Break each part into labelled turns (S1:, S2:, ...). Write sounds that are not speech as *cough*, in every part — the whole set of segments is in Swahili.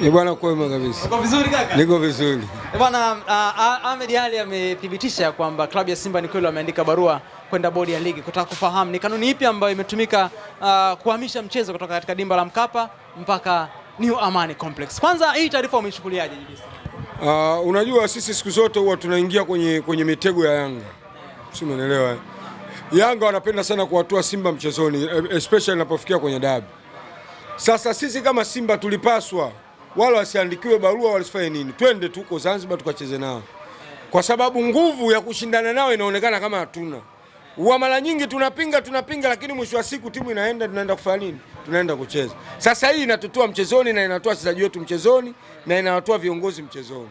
S1: Ni bwana, kwema kabisa. Uko vizuri kaka? Niko vizuri.
S2: E bwana, ah, ah, Ahmed Ali amethibitisha ya kwamba klabu ya Simba ni kweli wameandika barua kwenda bodi ya ligi kutaka kufahamu ni kanuni ipi ambayo imetumika uh, kuhamisha mchezo kutoka katika dimba la Mkapa mpaka New Amani Complex. Kwanza hii taarifa umeichukuliaje?
S3: Uh, unajua sisi siku zote huwa tunaingia kwenye, kwenye mitego ya Yanga, si umeelewa? Yanga wanapenda sana kuwatoa Simba mchezoni eh, especially inapofikia kwenye dabi. Sasa sisi kama Simba tulipaswa wala wasiandikiwe barua, wasifanye nini, twende tuko Zanzibar tukacheze nao, kwa sababu nguvu ya kushindana nao inaonekana kama hatuna wa mara nyingi tunapinga tunapinga, lakini mwisho wa siku timu inaenda, tunaenda kufanya nini? Tunaenda kucheza. Sasa hii inatutoa mchezoni na inatoa wachezaji wetu mchezoni na inawatoa viongozi mchezoni,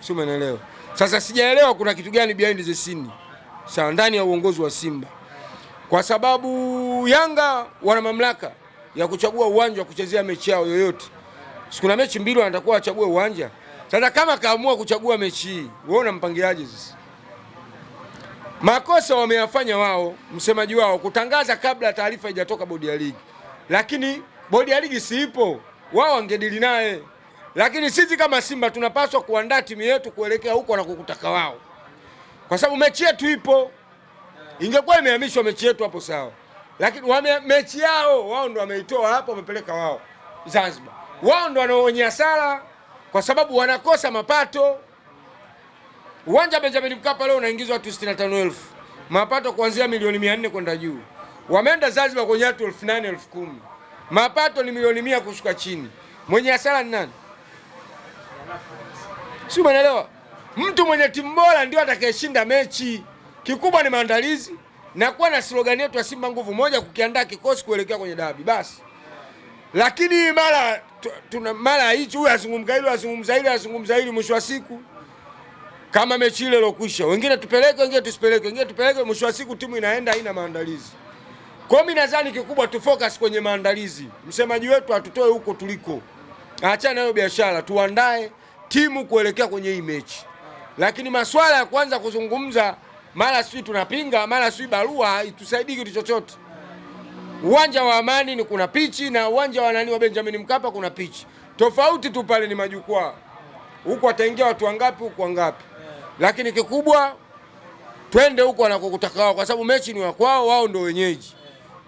S3: si umeelewa? Sasa sijaelewa kuna kitu gani behind the scene sawa, ndani ya uongozi wa Simba, kwa sababu Yanga wana mamlaka ya kuchagua uwanja wa kuchezea mechi yao yoyote sikuna mechi mbili anatakuwa achague uwanja. Sasa kama kaamua kuchagua mechi hii, wewe unampangiaje sisi? Makosa wameyafanya wao, msemaji wao kutangaza kabla taarifa haijatoka bodi ya ligi, lakini bodi ya ligi siipo, wao wangedili naye. Lakini sisi kama Simba tunapaswa kuandaa timu yetu kuelekea huko na kukutaka wao, kwa sababu mechi yetu ipo. Ingekuwa imehamishwa mechi yetu hapo sawa, lakini wame, mechi yao wao ndo wameitoa hapo, wamepeleka wao Zanzibar wao ndo wanaowenye hasara kwa sababu wanakosa mapato. Uwanja Benjamin Mkapa leo unaingizwa watu 65000 mapato kuanzia milioni 400 kwenda juu. Wameenda Zanzibar kwenye watu 8000 10000 mapato ni milioni 100 kushuka chini. Mwenye hasara ni nani? Si umeelewa? Mtu mwenye timu bora ndio atakayeshinda mechi. Kikubwa ni maandalizi na kuwa na slogan yetu ya Simba nguvu moja, kukiandaa kikosi kuelekea kwenye dabi basi, lakini mara tuna mara hichi huyu azungumza hilo azungumza hilo azungumza hili, mwisho wa siku kama mechi ile ilokwisha, wengine tupeleke, wengine tusipeleke, wengine tupeleke, mwisho wa siku timu inaenda haina maandalizi. Kwa mimi nadhani kikubwa tu focus kwenye maandalizi, msemaji wetu atutoe huko tuliko, aachana nayo biashara, tuandae timu kuelekea kwenye hii mechi. Lakini maswala ya kwanza kuzungumza, mara sijui tunapinga, mara sijui barua, itusaidii kitu chochote uwanja wa Amani ni kuna pichi na uwanja wa nani wa Benjamin Mkapa kuna pichi. Tofauti tu pale ni majukwaa, huko wataingia watu wangapi, huko wangapi, lakini kikubwa twende huko wanakokutakao, kwa sababu mechi ni wakwao, wao ndio wenyeji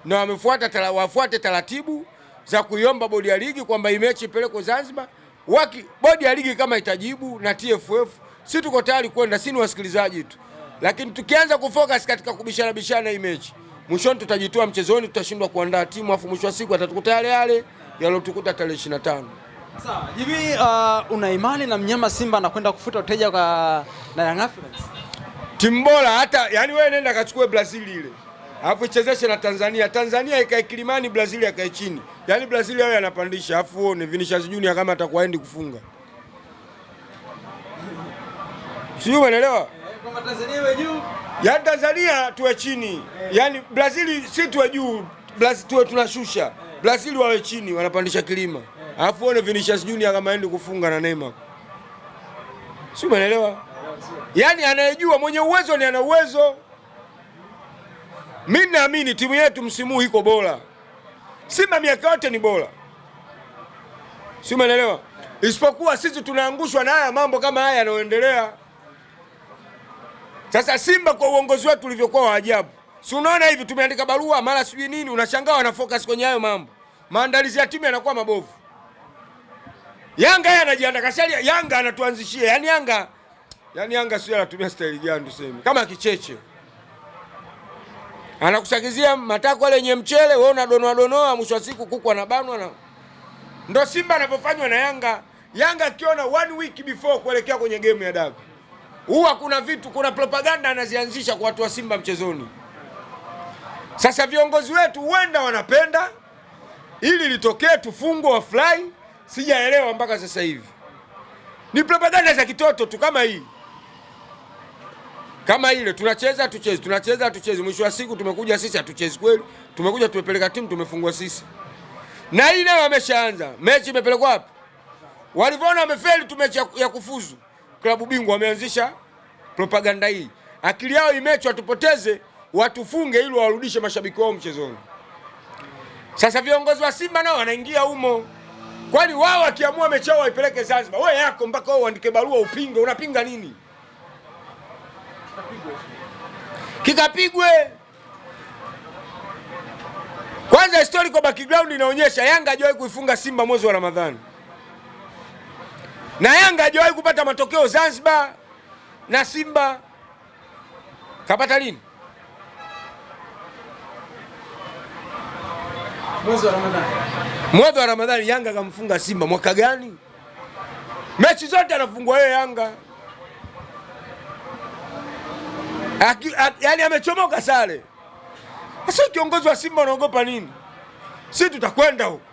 S3: na wamefuata tala, wafuate taratibu za kuiomba bodi ya ligi kwamba hii mechi ipelekwe Zanzibar. Waki bodi ya ligi kama itajibu na TFF, si tuko tayari kwenda, si ni wasikilizaji tu, lakini tukianza kufocus katika kubishana bishana hii mechi mwishoni tutajitoa mchezoni, tutashindwa kuandaa timu, afu mwisho wa siku atatukuta yale yale yalotukuta tarehe 25.
S2: Sawa, hivi uh, una imani na mnyama Simba anakwenda kufuta uteja kwa na Young Africans?
S3: Timu bora hata yani, wewe nenda kachukue Brazil ile. Alafu ichezeshe na Tanzania. Tanzania ikae kilimani, Brazil ikae chini. Yaani Brazil yao yanapandisha. Alafu ni Vinicius Junior kama atakuwa endi kufunga. Sio, unaelewa? kwamba Tanzania iwe juu, yaani Tanzania tuwe chini, yaani Brazil si tuwe juu, Brazil tuwe tunashusha, Brazil wawe chini, wanapandisha kilima, alafu uone Vinicius Junior kama endi kufunga na Neymar, si umeelewa? Yaani anayejua mwenye uwezo ni ana uwezo. Mimi naamini timu yetu msimu huu iko bora. Simba miaka yote ni bora, si umeelewa? Isipokuwa sisi tunaangushwa na haya mambo kama haya yanayoendelea. Sasa Simba kwa uongozi wetu ulivyokuwa wa ajabu, si unaona hivi, tumeandika barua mara sijui nini, unashangaa wana focus kwenye hayo mambo, maandalizi ya timu yanakuwa mabovu. Yanga yeye anajiandaa kashari, Yanga anatuanzishia yani Yanga yani Yanga sio anatumia staili gani tuseme, kama kicheche anakusagizia matako matakwa yenye mchele, wewe unadonoa donoa, mwisho wa siku kuku anabanwa na ndio Simba anavyofanywa na Yanga. Yanga akiona one week before kuelekea kwenye game ya dabi huwa kuna vitu, kuna propaganda anazianzisha kwa watu wa Simba mchezoni. Sasa viongozi wetu huenda wanapenda ili litokee tufungwe, wafurahi. Sijaelewa mpaka sasa hivi, ni propaganda za kitoto tu, kama hii kama ile tunacheza hatuchezi, tunacheza tucheze, mwisho wa siku tumekuja sisi hatuchezi kweli, tumekuja tumepeleka timu tumefungwa sisi. Na ile wameshaanza mechi, imepelekwa wapi? Walivyoona wamefeli tu mechi ya kufuzu klabu bingwa wameanzisha propaganda hii. Akili yao imechwa, tupoteze watufunge ili warudishe mashabiki wao mchezoni. Sasa viongozi wa Simba nao wanaingia humo, kwani wao wakiamua mechi yao waipeleke Zanzibar, wewe yako mpaka wao uandike barua upinge. Unapinga nini? Kikapigwe kwanza. Historical background inaonyesha Yanga hajawahi kuifunga Simba mwezi wa Ramadhani na Yanga hajawahi kupata matokeo Zanzibar na Simba kapata lini? Mwezi wa Ramadhani, mwezi wa Ramadhani Yanga kamfunga Simba mwaka gani? Mechi zote anafungwa yeye Yanga, yani amechomoka sare. Sasa kiongozi wa Simba unaogopa nini? Si tutakwenda huko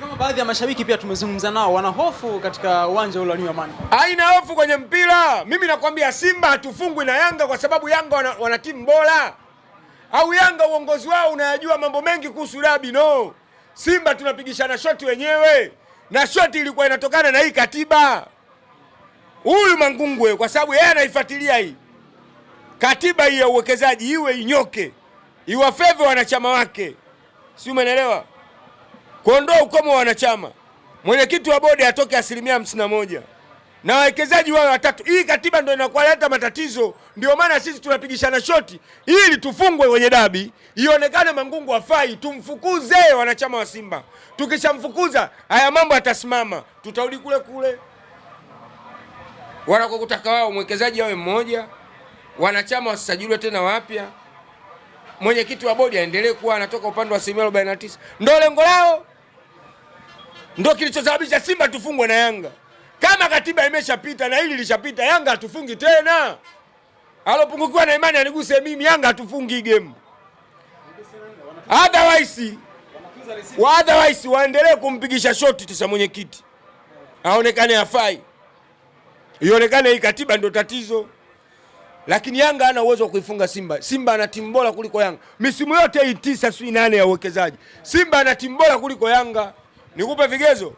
S2: kama baadhi ya mashabiki pia tumezungumza nao, wana hofu katika uwanja ule wa Amani.
S3: Haina hofu kwenye mpira. Mimi nakwambia Simba hatufungwi na Yanga kwa sababu Yanga wana, wana timu bora au Yanga uongozi wao unayajua mambo mengi kuhusu dabi. No, Simba tunapigishana shoti wenyewe, na shoti ilikuwa inatokana na hii katiba. Huyu Mangungwe kwa sababu yeye anaifuatilia hii katiba hii ya uwekezaji, iwe inyoke iwafeve wanachama wake, si umeelewa? kuondoa ukomo wa wanachama, mwenyekiti wa bodi atoke asilimia hamsini na moja na wawekezaji wawe watatu. Hii katiba ndio inakualeta matatizo, ndio maana sisi tunapigishana shoti ili tufungwe kwenye dabi, ionekane Mangungu afai, tumfukuze wanachama wa Simba. Tukishamfukuza haya mambo yatasimama, tutarudi kule kule wanakokutaka wao. Mwekezaji awe mmoja, wanachama wasisajiliwe tena wapya, mwenyekiti wa bodi aendelee kuwa anatoka upande wa asilimia tisa, ndio lengo lao ndio kilichosababisha Simba tufungwe na Yanga. Kama katiba imeshapita na hili lishapita, Yanga hatufungi tena. Alopungukiwa na imani aniguse mimi, Yanga hatufungi game. Otherwise wa otherwise waendelee kumpigisha shoti tisa mwenyekiti aonekane hafai, ionekane hii katiba ndio tatizo, lakini Yanga hana uwezo wa kuifunga Simba. Simba ana timu bora kuliko Yanga misimu yote hii tisa, si nane ya uwekezaji. Simba ana timu bora kuliko Yanga nikupe vigezo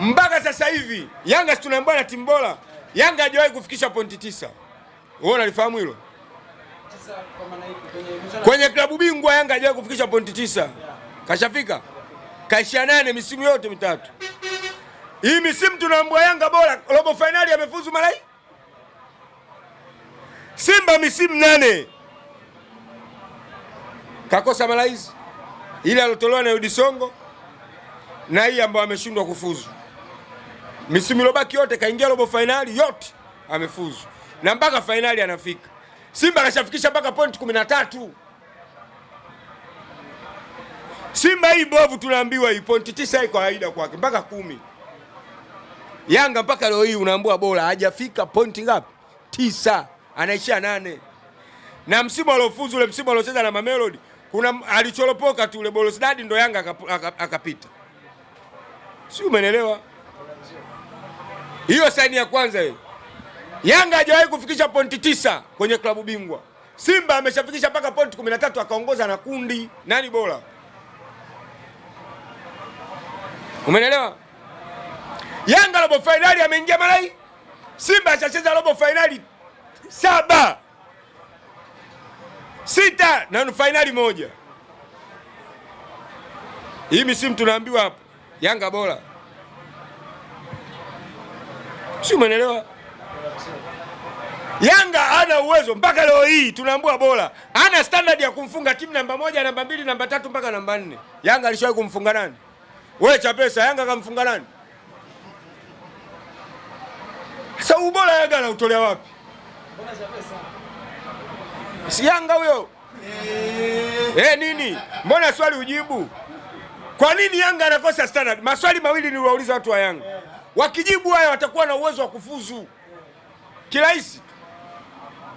S3: mpaka sasa hivi Yanga si tunaambia na timu bora Yanga hajawahi kufikisha pointi tisa. Wewe unalifahamu hilo? Kwenye klabu bingwa Yanga hajawahi kufikisha pointi tisa, kashafika kaisha nane misimu yote mitatu hii misimu tunaambia Yanga bora, robo fainali amefuzu mara hii. Simba misimu nane kakosa mara hizi ile alotolewa na Yudi Songo na hii ambayo ameshindwa kufuzu. Misimu ilobaki yote kaingia robo finali yote amefuzu na mpaka finali anafika. Simba kashafikisha mpaka point 13. Simba hii bovu tunaambiwa hii point tisa iko haida kwake mpaka kumi. Yanga mpaka leo hii unaambua bora hajafika point ngapi? Tisa, anaishia nane. Na msimu aliofuzu ule msimu aliocheza na Mamelodi kuna alichoropoka tu yule Bolosdadi ndo Yanga akapita, si umeelewa? Hiyo saini ya kwanza hiyo. Yanga hajawahi kufikisha pointi tisa kwenye klabu bingwa. Simba ameshafikisha mpaka pointi 13 akaongoza na kundi. Nani bora? Umeelewa? Yanga robo fainali ameingia mara hii. Simba ashacheza robo fainali saba sita na fainali moja. Hii misimu tunaambiwa hapa Yanga bora, si umeelewa? Yanga ana uwezo mpaka leo hii tunaambiwa bora, ana standard ya kumfunga timu namba moja, namba mbili, namba tatu mpaka namba nne. Yanga alishawahi kumfunga nani? Wewe Chapesa, Yanga kamfunga nani? Sasa ubora Yanga anautolea wapi? si Yanga huyo hey, eh. Eh, nini? Mbona swali ujibu? Kwa nini Yanga anakosa standard? Maswali mawili niliwauliza watu wa Yanga, wakijibu haya watakuwa na uwezo wa kufuzu kirahisi.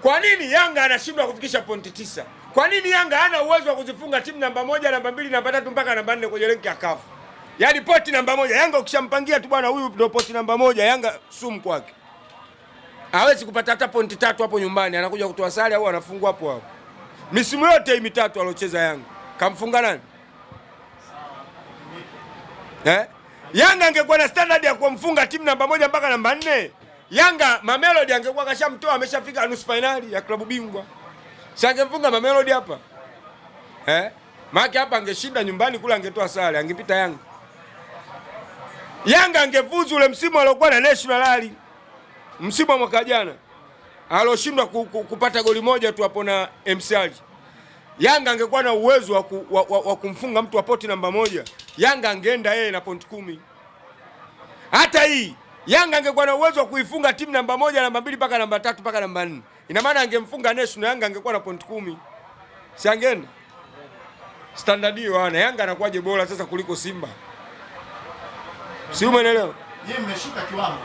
S3: Kwa nini Yanga anashindwa kufikisha pointi tisa? Kwa nini Yanga hana uwezo wa kuzifunga timu namba moja, namba mbili, namba tatu mpaka namba nne kwenye renki ya kafu? Yaani poti namba moja Yanga ukishampangia tu bwana, huyu ndio poti namba moja Yanga sumu kwake hawezi kupata hata pointi tatu hapo nyumbani, anakuja kutoa sare au anafungwa hapo hapo. Misimu yote hii mitatu aliocheza Yanga kamfunga nani eh? Yanga angekuwa na standard ya kumfunga timu namba moja mpaka namba nne, Yanga Mamelodi angekuwa kashamtoa, ameshafika nusu finali ya klabu bingwa. Si angemfunga Mamelodi hapa eh? Maki hapa angeshinda nyumbani kule, angetoa sare, angepita Yanga. Yanga angefuzu ule msimu aliokuwa na National League msimu wa mwaka jana aloshindwa kupata goli moja tu hapo na MC Alger. Yanga angekuwa na uwezo wa, ku, wa, wa, wa kumfunga mtu wa poti namba moja, Yanga angeenda yeye na point kumi. Hata hii Yanga angekuwa na uwezo wa kuifunga timu namba moja, namba mbili, mpaka namba tatu, mpaka namba nne. Ina maana angemfunga na Yanga angekuwa na point kumi, si angeenda standard hiyo? Ana Yanga anakuwaje bora sasa kuliko Simba? Si umeelewa? Yeye mmeshika kiwango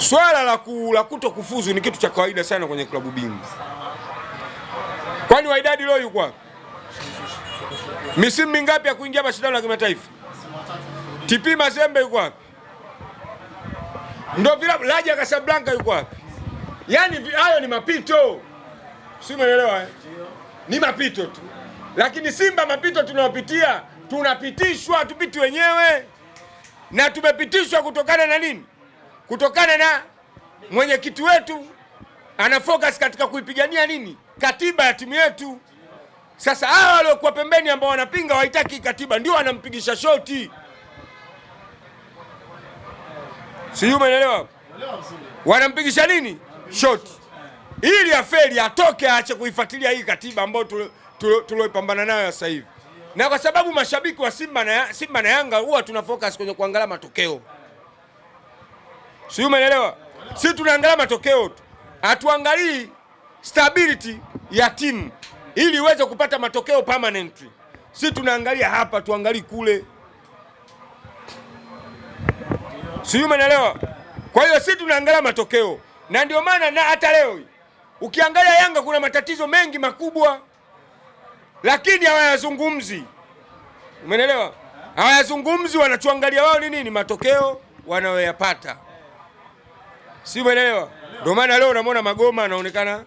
S3: Swala la, ku, la kuto kufuzu ni kitu cha kawaida sana kwenye klabu bingwa. Kwani Wydad leo yuko Misimu mingapi ya kuingia mashindano ya kimataifa? TP Mazembe yuko wapi? Ndio vilabu Raja Casablanca yuko wapi? Yaani hayo ni mapito. Si umeelewa eh? Ni mapito tu. Lakini Simba mapito tunayopitia tunapitishwa, tupiti wenyewe na tumepitishwa kutokana na nini? kutokana na mwenyekiti wetu ana focus katika kuipigania nini katiba ya timu yetu. Sasa hawa waliokuwa pembeni ambao wanapinga wahitaki katiba ndio wanampigisha shoti, sijui umeelewa? Wanampigisha nini shoti ili afeli atoke, aache kuifuatilia hii katiba ambayo tuliopambana nayo sasa hivi, na kwa sababu mashabiki wa Simba na Simba na Yanga huwa tuna focus kwenye kuangalia matokeo sijui umeelewa. Sisi tunaangalia matokeo tu, hatuangalii stability ya timu ili iweze kupata matokeo permanently. Sisi tunaangalia hapa, tuangalii kule, sijui umeelewa. Kwa hiyo sisi tunaangalia matokeo, na ndio maana na hata leo ukiangalia Yanga kuna matatizo mengi makubwa, lakini hawayazungumzi. Umeelewa? Hawayazungumzi, wanachoangalia wao ni nini? Matokeo wanayoyapata si umeelewa? Ndio maana leo unamwona Magoma anaonekana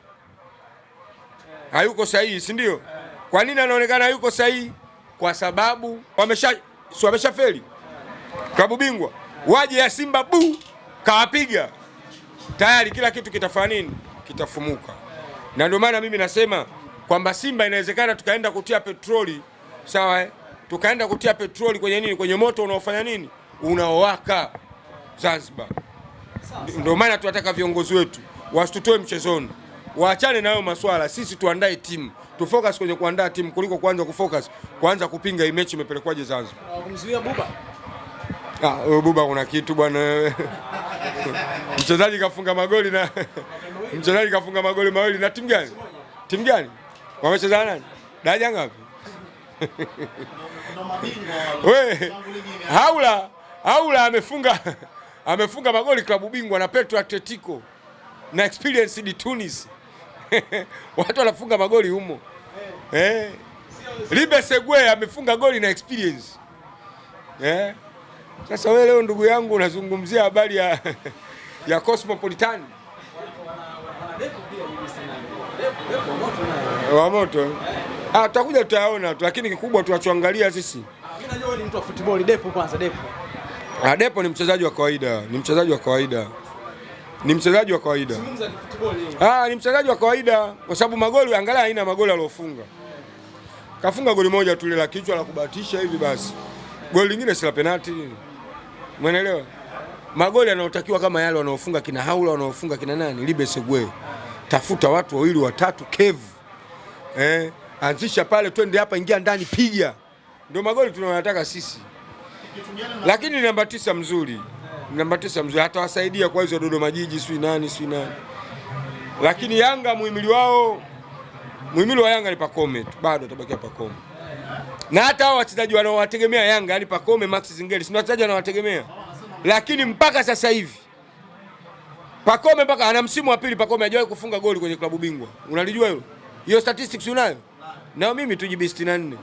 S3: hayuko sahihi, si ndio? Kwa nini anaonekana hayuko sahihi? Kwa sababu wamesha si feli klabu bingwa, waje ya Simba bu kawapiga tayari, kila kitu kitafanya nini? Kitafumuka. Na ndio maana mimi nasema kwamba Simba inawezekana tukaenda kutia petroli sawa, eh? tukaenda kutia petroli kwenye nini? Kwenye moto unaofanya nini, unaowaka Zanzibar. Ndio maana tunataka viongozi wetu wasitutoe mchezoni, waachane nayo maswala. Sisi tuandae timu, tufocus kwenye kuandaa timu kuliko kuanza kufocus kuanza kupinga hii mechi imepelekwaje Zanzibar. Ah, kumzuia Buba. Ah, Buba kuna kitu bwana *laughs* Mchezaji kafunga magoli na *laughs* mchezaji kafunga magoli mawili na timu gani? Timu gani? Wamecheza nani? Daraja ngapi? *laughs* haula haula amefunga amefunga magoli klabu bingwa na Petro Atletico na Experience di Tunis *laughs* watu wanafunga magoli humo eh. Libe Segwe amefunga goli na Experience eh. Sasa wewe leo ndugu yangu unazungumzia habari ya *laughs* ya Cosmopolitan wa moto ah, tutakuja tutayaona tu, lakini kikubwa tuachoangalia sisi, ah, mimi najua ni mtu wa football. Depo kwanza, depo Adepo ni mchezaji wa kawaida, ni mchezaji wa kawaida, ni mchezaji wa kawaida, ah, ni mchezaji wa kawaida kwa sababu magoli, angalia aina ya magoli aliofunga. Kafunga goli moja tu la kichwa la kubatisha hivi, basi goli lingine si la penalti, umeelewa? Magoli yanayotakiwa kama yale wanaofunga kina Haula, wanaofunga kina nani, Libe Segwe, tafuta watu wawili watatu kevu, eh, anzisha pale, twende hapa, ingia ndani, piga. Ndio magoli tunayotaka sisi lakini namba tisa mzuri, namba tisa mzuri atawasaidia kwa hizo Dodoma Jiji, sui nani sui nani. Lakini Yanga muhimili wao, muhimili wa Yanga ni Pakome tu, bado atabakia Pakome na hata hao wachezaji wanaowategemea Yanga, yani Pakome, Max Zingeli, si wachezaji wanaowategemea, lakini mpaka sasa hivi Pakome mpaka ana msimu wa pili Pakome hajawahi kufunga goli kwenye klabu bingwa. Unalijua hilo? Hiyo statistics unayo? Nao mimi tu jibu 64.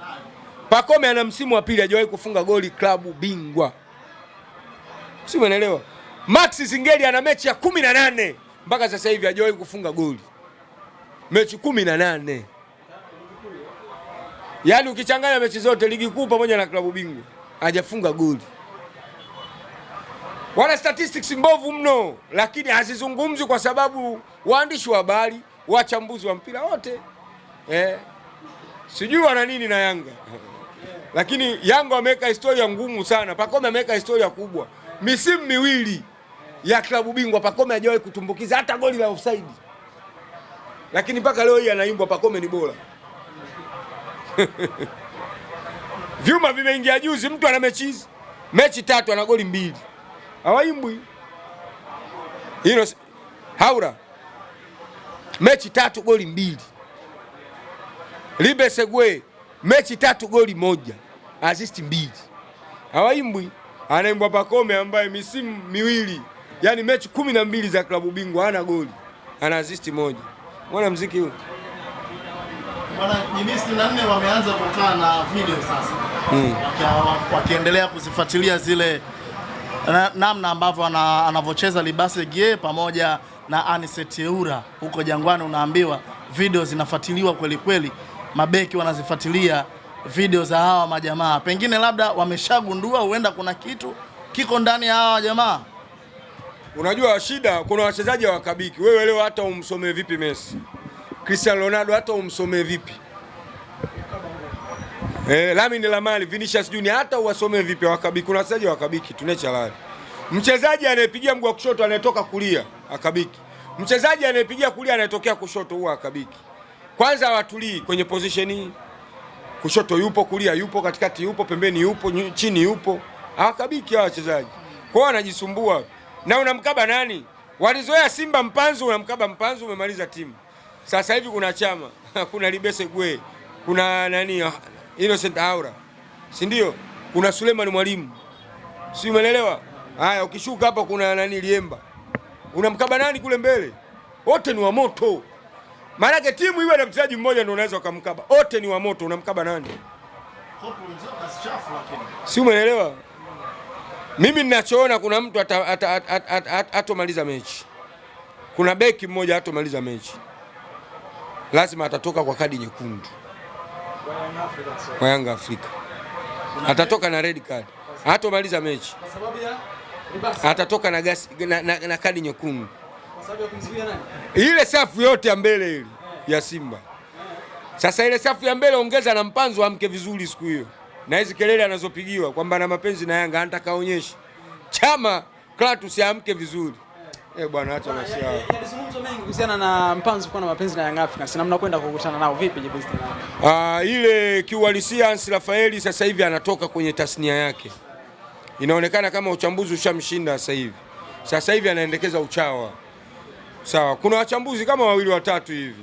S3: Pacome ana msimu wa pili hajawahi kufunga goli klabu bingwa, si umeelewa? Max Zingeli ana mechi ya kumi na nane mpaka sasa hivi hajawahi kufunga goli, mechi kumi na nane yaani ukichanganya mechi zote ligi kuu pamoja na klabu bingwa hajafunga goli. Wana statistics mbovu mno, lakini hazizungumzwi kwa sababu waandishi wa habari, wachambuzi wa mpira wote eh, sijui wana nini na Yanga *laughs* lakini Yanga ameweka historia ngumu sana. Pacome ameweka historia kubwa, misimu miwili ya klabu bingwa Pacome hajawahi kutumbukiza hata goli la offside, lakini mpaka leo hii anaimbwa Pacome ni bora *laughs* vyuma vimeingia juzi, mtu ana mechi mechi tatu ana goli mbili, hawaimbwi hilo. Haura mechi tatu goli mbili, Libe Segwe mechi tatu goli moja, assist mbili. Hawaimbwi, anaimbwa Pakome ambaye misimu miwili yani mechi kumi na mbili za klabu bingwa hana goli, ana assist moja. Mwana mziki huyo
S2: bwana, ni wameanza kukaa na video sasa, hmm. wakiendelea kuzifuatilia zile namna ambavyo anavyocheza Libase Gie pamoja na Anisete Eura huko Jangwani, unaambiwa video zinafuatiliwa kweli kweli mabeki wanazifuatilia video za hawa majamaa, pengine labda wameshagundua huenda kuna kitu kiko ndani ya hawa jamaa.
S3: Unajua shida, kuna wachezaji hawakabiki. Wewe leo hata umsomee vipi Messi, Cristiano Ronaldo, hata umsomee vipi eh, Lamine Yamal, Vinicius Junior, hata uwasomee vipi, hawakabiki. Kuna wachezaji hawakabiki, tunechalali mchezaji anayepigia mguu wa kushoto anayetoka kulia akabiki, mchezaji anayepigia kulia anayetokea kushoto huwa akabiki kwanza hawatulii kwenye position hii, kushoto yupo, kulia yupo, katikati yupo, pembeni yupo, chini yupo, hawakabiki hawa wachezaji kwao, wanajisumbua. Na unamkaba nani? Walizoea Simba mpanzu, unamkaba mpanzu, umemaliza timu. Sasa hivi kuna Chama, *laughs* kuna Libese Gwe, kuna nani ah, Innocent Aura, si ndio? Kuna Suleiman Mwalimu, si umeelewa? Haya, ukishuka hapa kuna nani Liemba, unamkaba nani kule mbele? Wote ni wa moto. Maanake timu iwe na mchezaji mmoja ndio unaweza ukamkaba, wote ni wa moto, unamkaba nani? Si umeelewa? Mimi ninachoona kuna mtu atomaliza mechi, kuna beki mmoja atomaliza mechi, lazima atatoka kwa kadi nyekundu kwa Yanga Afrika, atatoka na red card, atomaliza mechi, atatoka na, gasi, na, na, na kadi nyekundu ile safu yote ya mbele ili ya Simba. Sasa ile safu ya mbele ongeza na mpanzo amke vizuri siku hiyo, na hizi kelele anazopigiwa kwamba na mapenzi na Yanga anataka aonyeshe chama Klatus amke vizuri. Eh, bwana acha na siao. Yalizungumzwa mengi
S2: kuhusiana na mpanzo kwa na mapenzi na Yanga Africa. Sina mnakwenda kukutana nao vipi je?
S3: Ah, ile kiuhalisia Hans Rafaeli sasa hivi anatoka kwenye tasnia yake. Inaonekana kama uchambuzi ushamshinda sasa hivi. Sasa hivi anaendekeza uchawa. Sawa, kuna wachambuzi kama wawili watatu hivi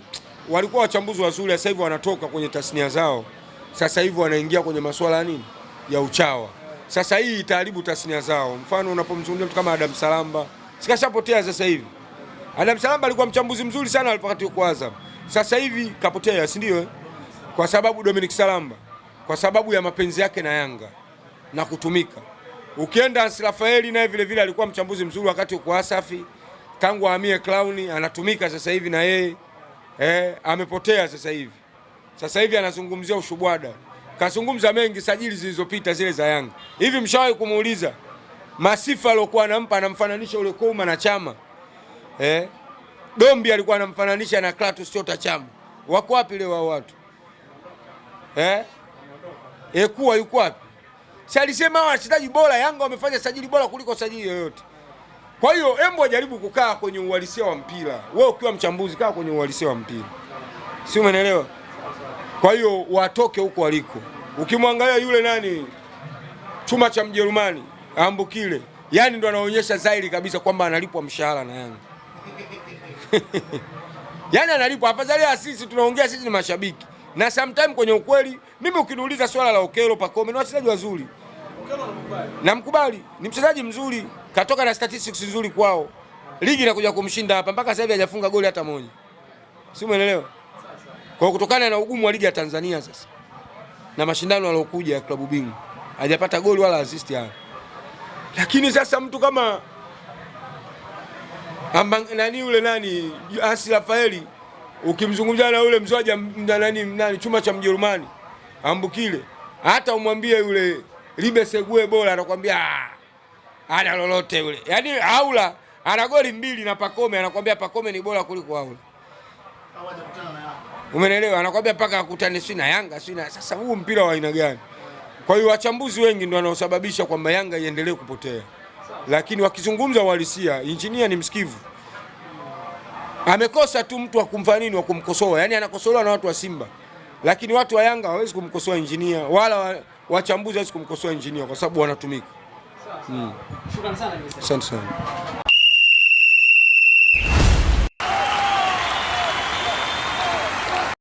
S3: walikuwa wachambuzi wazuri, sasa hivi wanatoka kwenye tasnia zao, sasa hivi wanaingia kwenye masuala ya nini ya uchawa. Sasa hii itaharibu tasnia zao. Mfano unapomzungumzia mtu kama Adam Salamba, sikashapotea sasa hivi. Adam Salamba alikuwa mchambuzi mzuri sana alipokati yuko Azam, sasa hivi kapotea, si ndio? Eh? Kwa sababu Dominic Salamba, kwa sababu ya mapenzi yake na Yanga na kutumika. Ukienda Hans Rafaeli naye vile vile alikuwa mchambuzi mzuri wakati uko Asafi tangu ahamie Clown anatumika sasa hivi na yeye eh, amepotea sasa hivi. Sasa hivi anazungumzia ushubwada, kazungumza mengi sajili zilizopita zile za Yanga. Hivi mshawahi kumuuliza masifa aliyokuwa anampa? Anamfananisha ule Kouma na Chama eh? Dombi alikuwa anamfananisha na Clatous Chota Chama. Wako wapi leo wa watu eh? Ekuwa yuko wapi? Si alisema hawa wachezaji bora Yanga wamefanya sajili bora kuliko sajili yoyote. Kwa hiyo embo wajaribu kukaa kwenye uhalisia wa mpira. Wewe ukiwa mchambuzi, kaa kwenye uhalisia wa mpira, si umeelewa? Kwa hiyo watoke huko waliko. Ukimwangalia yule nani chuma cha Mjerumani ambukile, yaani ndo anaonyesha zairi kabisa kwamba analipwa mshahara na Yanga *laughs* yaani analipwa. Afadhali ya sisi tunaongea sisi ni mashabiki, na sometime kwenye ukweli, mimi ukiniuliza swala la Okelo Pakome ni wachezaji wazuri, namkubali, ni mchezaji mzuri katoka na statistics nzuri kwao, ligi inakuja kumshinda hapa, mpaka sasa hivi hajafunga goli hata moja, si umeelewa? Kwa kutokana na ugumu wa ligi ya Tanzania sasa na mashindano yalokuja ya klabu bingwa hajapata goli wala assist ya. Lakini sasa mtu kama Amba, nani yule nani Asi Rafaeli ukimzungumzia na yule mzwaja nani, nani chuma cha Mjerumani ambukile hata umwambie yule Libe Segue bora anakuambia ah, ana lolote yule. Yaani Aula ana goli mbili na Pakome anakuambia Pakome ni bora kuliko Aula. Umenelewa? Anakuambia paka akutane si na Yanga si na. Sasa huu mpira wa aina gani? Kwa hiyo wachambuzi wengi ndio wanaosababisha kwamba Yanga iendelee kupotea, lakini wakizungumza uhalisia, injinia ni msikivu. Amekosa tu mtu wa kumfanya nini, wa kumkosoa. Yaani anakosolewa na watu wa Simba, lakini watu wa Yanga hawawezi kumkosoa injinia, wala wachambuzi hawawezi kumkosoa injinia kwa sababu wanatumika 嗯，上次。